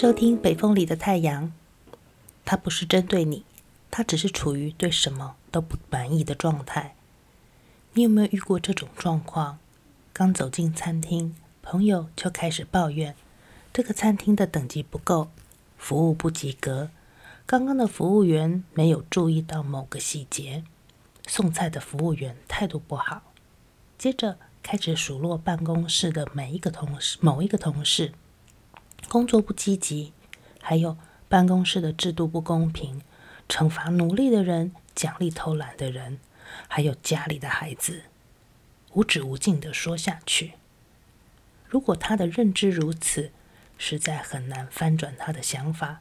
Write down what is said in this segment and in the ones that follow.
收聽北風裡的太陽，他不是針對你，他只是處於對什麼都不滿意的狀態。你有沒有遇過這種狀況？剛走進餐廳，朋友就開始抱怨，這個餐廳的等級不夠，服務不及格。剛剛的服務員沒有注意到某個細節，送菜的服務員態度不好，接着開始數落辦公室的每一個同事，某一個同事。工作不積極，還有辦公室的制度不公平，懲罰努力的人，獎勵偷懶的人，還有家裡的孩子，無止無盡的說下去。如果他的認知如此，實在很難翻轉他的想法。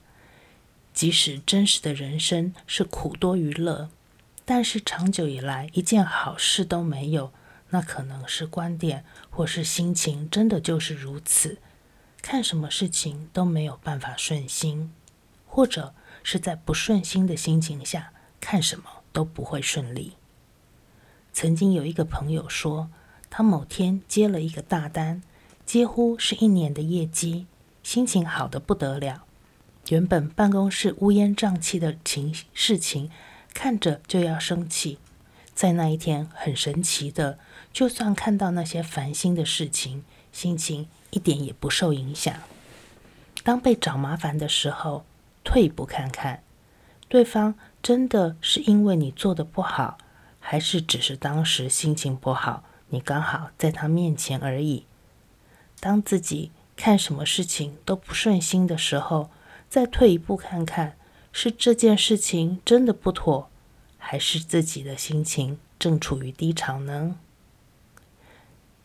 即使真實的人生是苦多於樂，但是長久以來一件好事都沒有，那可能是觀點或是心情真的就是如此。看什麼事情都沒有辦法順心，或者是在不順心的心情下，看什麼都不會順利。曾經有一個朋友說，他某天接了一個大單，幾乎是一年的業績，心情好得不得了。原本辦公室烏煙瘴氣的情事情，看着就要生氣，在那一天很神奇的，就算看到那些煩心的事情，心情。一點也不受影響。當被找麻煩的時候，退一步看看，對方真的是因為你做的不好，還是只是當時心情不好，你剛好在他面前而已。當自己看什麼事情都不順心的時候，再退一步看看，是這件事情真的不妥，還是自己的心情正處於低潮呢？